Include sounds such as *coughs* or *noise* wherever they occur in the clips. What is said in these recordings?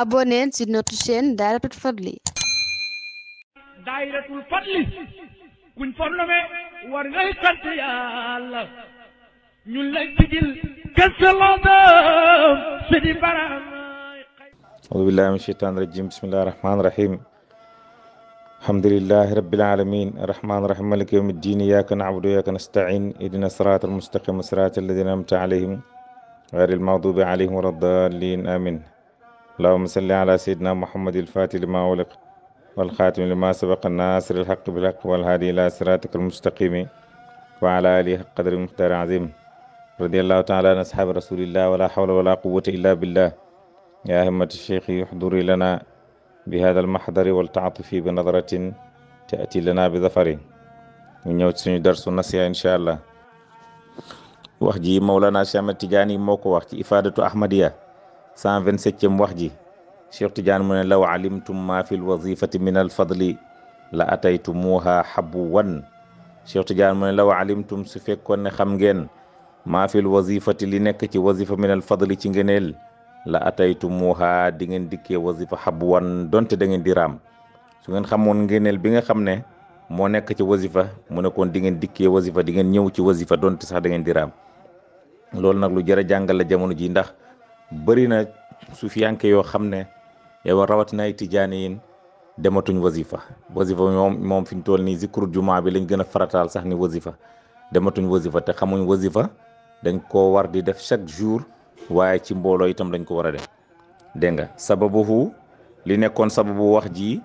abonnez sur notre chaîne Dahiratoul Fadly Dahiratoul Fadly kuñ fornome war ngay sant yàlla ñun lay digil kësalaadam si di baram audu billahi min shaitan rajim bismillahi rahmani rahim الحمد لله رب العالمين الرحمن الرحيم مالك يوم الدين إياك نعبد وإياك نستعين اهدنا الصراط المستقيم صراط الذين أنعمت عليهم غير المغضوب عليهم ولا الضالين آمين allahuma salli ala sayidina muhammadil fati lima waliq walxaatimi lima sabaqa nasir alxaq bilxaq walhaadi ila siratika almustaqimi wa ala alihi xaq qadri muxtaar azim radiallahu taala an asxaabi rasulillah wala xawla wala quwata illa billah ya himmati cheikhi uxduri lana bi hada almaxdari waltaatufi bi nadratin taati lana bi zafari ñu ñëw ci suñu darsu nasiha incha allah wax ji mawlana Cheikh Ahmad Tijaani moo ko wax ci ifaadatu ahmadiya 127e wax ji Cheikh Tidiane mu ne law alimtum ma fi lwazifati min alfadli la ataytumuha habwan Cheikh Tidiane mu ne law alimtum su fekkoon ne xam ngeen maa fi lwazifati li nekk ci wazifa min alfadli ci ngeneel la ataytumuha di ngeen dikkee wazifa habwan donte da ngeen di raam su ngeen xamoon ngeneel bi nga xam ne moo nekk ci wazifa mu ne kon di ngeen dikkee wazifa di ngeen ñëw ci wazifa donte sax da ngeen di raam loolu nag lu jërë jàngal la jamono ji ndax bëri na suufiyanke yoo xam ne yow rawatina ay tijaani yin dematuñ wasifa wasifa moom moom fi ñu toll nii zikru jumaa bi lañ gën a farataal sax ni wasifa dematuñ wasifa te xamuñ wasifa dañ ko war di def chaque jour waaye ci mbooloo itam dañ ko war a def dégg nga sababuhu li nekkoon sababu wax ji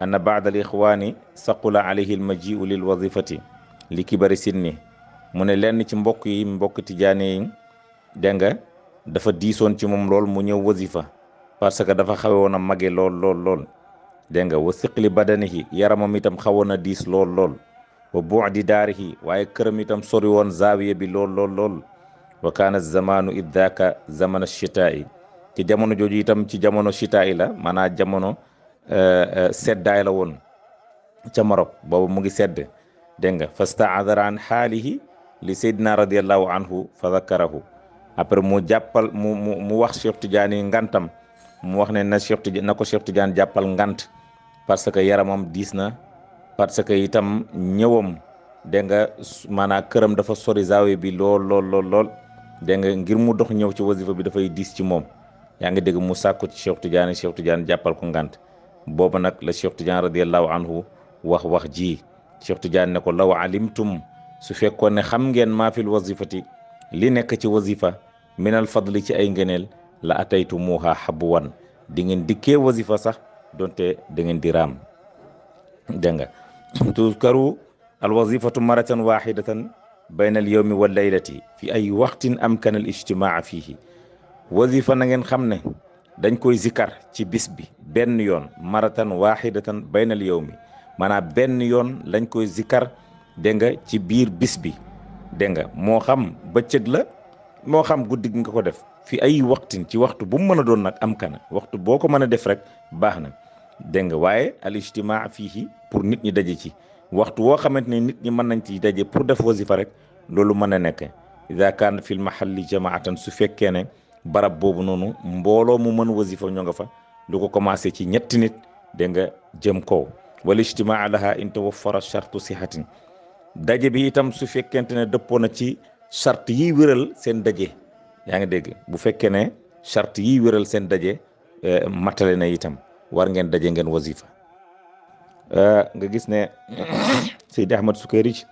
anna baad al ixwaani saqula alayhi al majiu lil wazifati li kibari ni mu ne lenn ci mbokk yi mbokk tijaani yi dégg nga dafa diisoon ci moom lool mu ñëw wasifa parce que dafa xawoon a mage lool lool lool dégg nga wa siqli badanihi yaramam itam xawoon a diis lool lool wa bu'di daarihi waaye këram itam sori woon zaawiya bi lool lool lool wa kaana zamaanu id daaka zamana chitaa'i ci jamono jooju itam ci jamono chitaa'i la maanaam jamono eh, eh, seddaay la woon ca Marok boobu mu ngi sedd dégg nga fastaadara xaalihi li saydina radiallahu anhu fa dakarahu après mu jàppal mu mu mu wax Cheikh Tidiane ngantam mu wax ne na Cheikh Tidiane na ko Cheikh Tidiane jàppal ngant parce que yaramam diis na parce que itam ñëwam dégg nga maanaam këram dafa sori zawe bi lool lool lool lool nga ngir mu dox ñëw ci wasifa bi dafay diis ci moom yaa ngi dégg mu sàkku ci Cheikh Tidiane Cheikh Tidiane jàppal ko ngant boobu nag la Cheikh Tidiane radiallahu anhu wax wax ji Cheikh Tidiane ne ko law alimtum su fekkoon xam ngeen maa fil wasifati li nekk ci wasifa minal fadli ci ay ngëneel la ataytu muuha wan di ngeen dikkee wasifa sax donte da ngeen di raam dégg nga *coughs* tuskaru alwazifatu maratan waxidatan bayna al yowmi wa laylati fi ay waxtin amkana al ijtimaa fiihi wasifa na ngeen xam ne dañ koy zikar ci bis bi benn yoon maratan waxidatan bayna al yowmi maanaam benn yoon lañ koy zikar dégg nga ci biir bis bi dégg nga moo xam bëccëg la moo xam guddi gi nga ko def fi ay waxtin ci waxtu bu mu mën a doon nag am kana waxtu boo ko mën a def rek baax na dégg nga waaye al ijtimaa fii pour nit ñi daje ci waxtu woo xamante ne nit ñi mën nañ ci daje pour def wasifa rek loolu mën a nekk ida kaan fil mahalli jamaatan su fekkee ne barab boobu noonu mbooloo mu mën wasifa ñoo nga fa lu ko commencé ci ñetti nit dégg nga jëm kaw wal ijtimaa laha in tawaffara chartu sihatin daje bi itam su fekkente ne dëppoo charte yi wéral seen daje yaa ngi dégg bu fekkee ne charte yiy wéral seen daje eh, matale na itam war ngeen daje ngeen wasifa eh, nga gis ne *coughs* Seydi Ahmad Sukayrij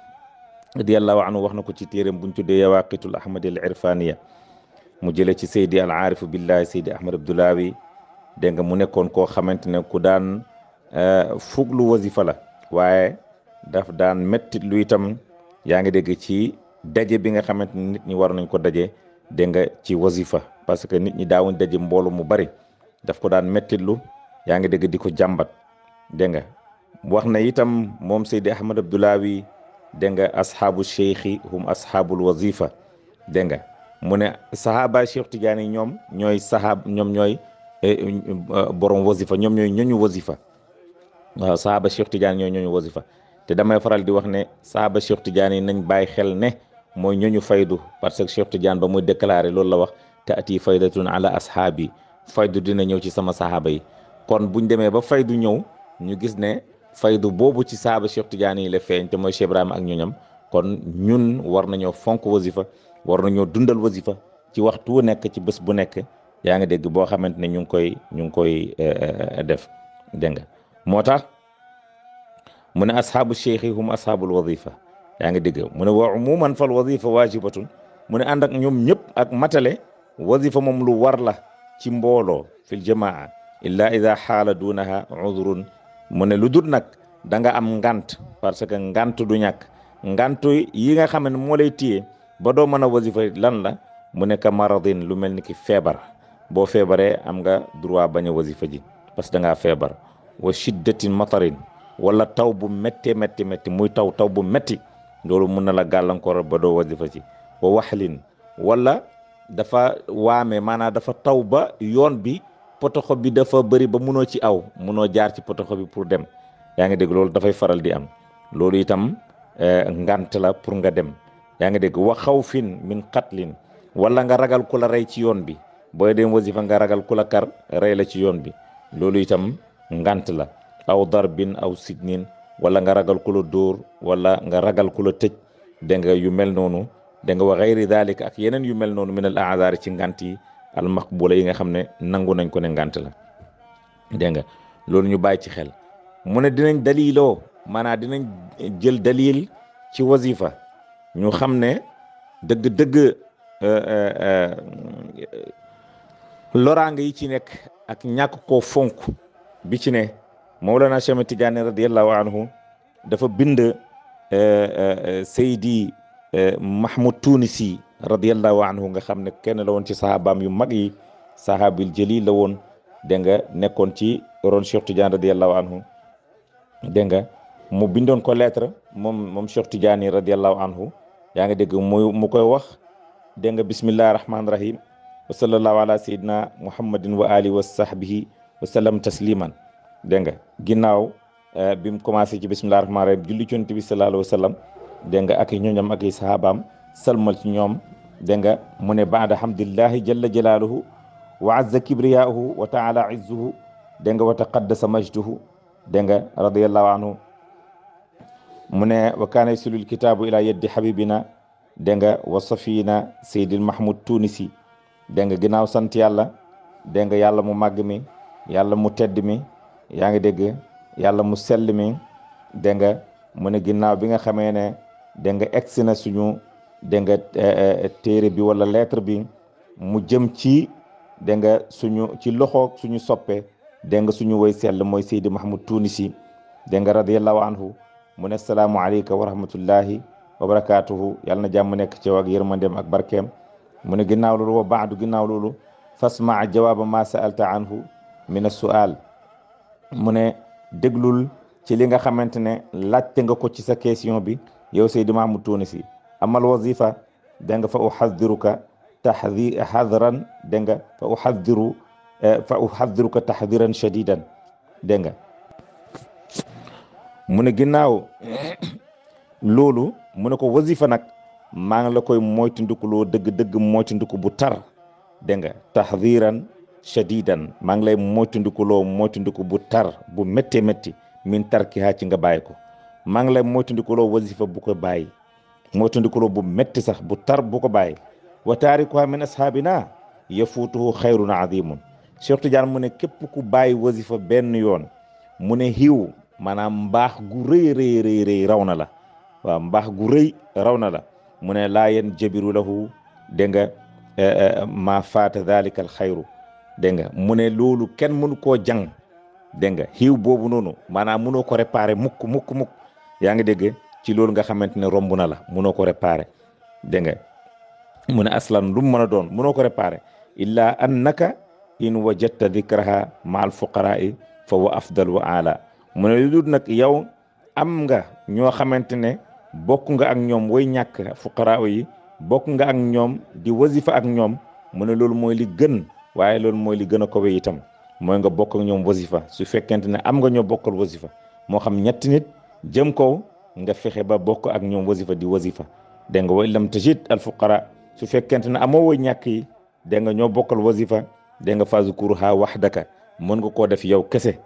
radiyallahu anhu wax na ko ci téeréem buñ tuddee yawaqitul ahmadi al irfaniya mu jële ci Seydi al aarifu billahi Seydi Ahmad Abdoulawi dégg nga mu nekkoon koo xamante ne ku daan eh, fuglu wasifa la waaye daf daan mettit lu itam yaa ngi ci daje bi nga xamante ni nit ñi war nañ ko daje dégg nga ci wasifa parce que nit ñi daawoon daje mbooloo mu bari daf ko daan mettitlu yaa ngi dégg di ko jàmbat dégg nga wax na itam moom Seydi Ahmad Abdoulawi dégg nga asxaabu cheikhi hum asxaabul wasifa dégg nga mu ne sahaaba Cheikh Tidiane yi ñoom ñooy sahaab ñoom ñooy eh, eh, borom wasifa ñoom ñooy ñooñu wasifa waaw sahaaba Cheikh Tidiane ñooy ñooñu wasifa te damay faral di wax ne sahaaba Cheikh Tidiane yi nañ bàyyi xel ne mooy ñooñu faydu parce que Cheikh Tidiane ba muy déclaré loolu la wax te ati faydatun ala ashaabi faydu dina ñëw ci sama sahaaba yi kon buñ demee ba faydu ñëw ñu gis ne faydu boobu ci sahaaba Cheikh Tidiane yi la feeñ te mooy Cheikh Ibrahima ak ñooñam kon ñun war nañoo fonk wasifa war nañoo dundal wasifa ci waxtu wu nekk ci bés bu nekk yaa ngi dégg boo xamante ne ñu ngi koy ñu ngi koy eh, eh, def dégg nga moo tax mu ne ashaabu cheikhi hum ashaabul wasifa yaa ngi dégg mu ne wa umuman fal wadifa waajibatun mu ne ànd ak ñoom ñëpp ak matale wadifa moom lu war la ci mbooloo fil jamaa illa ida xaala duunaha udrun mu ne lu dut nag da nga am ngant parce que ngant du ñàkk ngant yi nga xam ne moo lay téye ba doo mën a wasifa lan la mu ne ka maradin lu mel ni ki feebar boo feebaree am nga droit bañ a wasifa ji parce que da ngaa feebar wa shiddatin matarin wala taw bu métti métti métti muy taw taw bu metti loolu mun na la gàllankooral ba doo wasifa si wa waxlin wala dafa waame maanaa dafa taw ba yoon bi potoxo bi dafa bëri ba munoo ci aw munoo jaar ci potoxo bi pour dem yaa ngi dégg loolu dafay faral di am loolu itam eh, ngant la pour nga dem yaa ngi dégg wa xaw xawfin min xatlin wala nga ragal ku la rey ci yoon bi booy dem wasifa nga ragal ku la kar rey la ci yoon bi loolu itam ngant la aw darbin aw sijnin wala nga ragal ku la dóor wala nga ragal ku la tëj dégg yu mel noonu dégg nga wa xayri daalika ak yeneen yu mel noonu min al aadaari ci ngant yi al maqbula yi nga xam ne nangu nañ ko ne ngant la dégg nga loolu ñu bàyyi ci xel mu ne dinañ daliloo maanaam dinañ jël dalil ci wazifa ñu xam ne dëgg-dëgg euh, euh, euh, loraange yi ci nekk ak ñàkk koo fonk bi ci ne Mawlana Cheikh Tidiane radiallahu anhu dafa bind eh, eh, eh, Seydi Mahmoud Tunisi radiallahu anhu nga xam ne kenn la woon ci sahabaam yu mag yi sahabil jëli la woon dégg nga nekkoon ci ron Cheikh Tidiane radiallahu anhu dégg nga mu bindoon ko lettre moom moom Cheikh Tidiane radiallahu anhu yaa ngi dégg mu koy wax dégg nga bismillahi rahmaani rahim wa sallallahu ala sayidina muhammadin wa alihi wa sahbihi wa sallam tasliman dégg nga ginnaaw eh, bi mu commencé ci bisimilah rahmaan rahim julli ci yonent bi wa dégg nga ak i ñooñam ak i sahabaam salmal ci ñoom dégg nga mu ne baada hamdillahi jalla jalaaluhu wa azza kibriyaahu wa taala izzuhu dégg nga wa majduhu dégg nga radiallahu anhu mu ne wa kaana yasilul kitaabu ila yeddi habibina dégg nga wa safina seydil mahmoud tunisi dégg nga ginnaaw sant yàlla dégg yàlla mu màgg mi yàlla mu tedd mi yaa ngi dégg yàlla mu sell mi dégg nga mu ne ginnaaw bi nga xamee ne dégg nga egsi na suñu dégg nga eh, eh, eh, téere bi wala lettre bi mu jëm ci dégg nga suñu ci loxo suñu soppe dégg nga suñu woy sell mooy Seydi Mahmoud Tunisi dégg nga radiyallahu anhu mu ne salaamu aleyka wa rahmatullahi wa barakaatuhu yàlla na jàmm nekk ci ak yërmandeem ak barkeem mu ne ginnaaw loolu wa baadu ginnaaw loolu fasmaa jawaaba ma saalta anhu min as-su'al mu ne déglul ci li nga xamante ne laajte nga ko ci sa question bi yow Seydi Mahmoud Tunisi amal wazifa da nga fa uxadiruka taxdi xadran da nga fa uxadiru eh, fa uxadiruka taxdiran shadidan dégg nga mu ne ginnaaw *coughs* loolu mu ne ko wazifa nag maa ngi la koy moytandiku loo dëgg-dëgg moytandiku bu tar dégg nga shadidan maa ngi lay moytandikuloo moytandiku bu tar bu méttee métti min tarki haa ci nga bàyyi ko maa ngi lay moytandikuloo wasifa bu ko bàyyi moytandikuloo bu métti sax bu tar bu ko bàyyi wa taarikuha min ashaabina yafuutuhu xayrun azimun Cheikh Tidiane mu ne képp ku bàyyi wasifa benn yoon mu ne xiiw maanaam mbaax gu rëy rëy rëy rëy raw na la waaw mbaax gu rëy raw na la mu ne laa yen la lahu de nga eh, eh, maa faata dalika al xayru dégg nga mu ne loolu kenn mënu koo jàng dégg nga xiiw boobu noonu maanaam mënoo ko réparer mukk mukk mukk yaa ngi dégg ci loolu nga xamante ne romb na la munoo ko réparer dégg nga mu ne aslan lu mu mën a doon mënoo ko réparer illa annaka in wajadta dikraha maal fuqaraa fa wa afdal wa ala mu ne lu dul nag yow am nga ñoo xamante ne bokk nga ak ñoom way ñàkk fuqaraa yi bokk nga ak ñoom di wasifa ak ñoom mu loolu mooy li gën waaye loolu mooy li gën a kowe itam mooy nga bokk ak ñoom wasifa su fekkente ne am nga ñoo bokkal wasifa moo xam ñetti nit jëm kaw nga fexe ba bokk ak ñoom wasifa di wasifa dégg nga way lam tasit al fuqara su fekkente ne amoo way ñàkk yi nga ñoo bokkal wasifa de nga wax daka mën nga koo def yow kese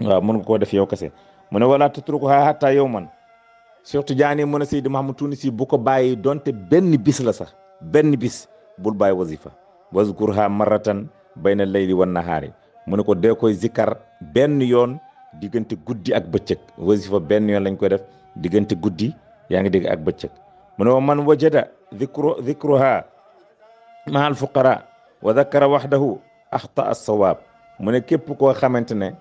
waaw mën nga koo def yow kese mu ne wala tatrukuha hatta yawman surtout jaani mën a Seydi Mahmoud Tunis bu ko bàyyi donte benn bis la sax benn bis bul bàyyi wasifa wazkurha marratan bayna layli wan nahaari mu ne ko dee koy zikkar benn yoon diggante guddi ak bëccëg wasifa benn yoon lañ koy def diggante guddi yaa ngi dégg ak bëccëg mu ne wa man wajada zikru zikruha mahal fuqara wa zakara waxdahu axta assawaab mu ne képp koo xamante ne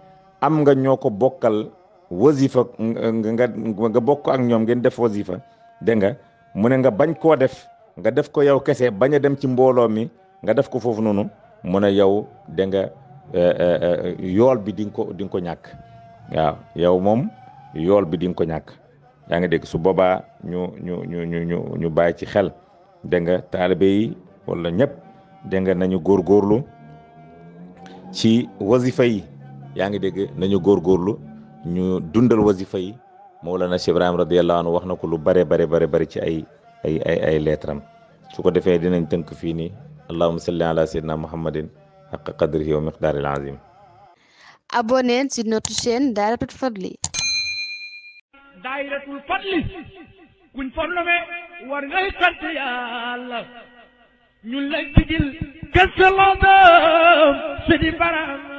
am nga ñoo ko bokkal wasifa nga nga bokk ak ñoom ngeen def wasifa dégg nga mu ne nga bañ koo def nga def ko yow kese bañ a dem ci mbooloo mi nga def ko foofu noonu mu ne yow da nga eh, eh, eh, yool bi di nga ko di ko ñàkk waaw yow moom yool bi di nga ko ñàkk yaa ngi dégg su bobaa ñu ñu ñu ñu ñu ñu bàyyi ci xel da nga taalibe yi wala ñëpp da nga nañu góorlu ci wazifa yi yaa ngi dégg nañu góor góorlu ñu dundal wazifa yi na Cheikh Ibrahim radiyallahu anhu wax na ko lu bare bare bare bare ci ay ay ay ay leetram su ko defee dinañ tënk fii nii allahumma salli ala sayyidina muhammadin haqqa qadrihi wa miqdaril azim abonnez sur notre chaîne Dahiratoul Fadly Dahiratoul Fadly kuñ fornome war ngay sant yàlla ñun lay sigil kese la dem si di baram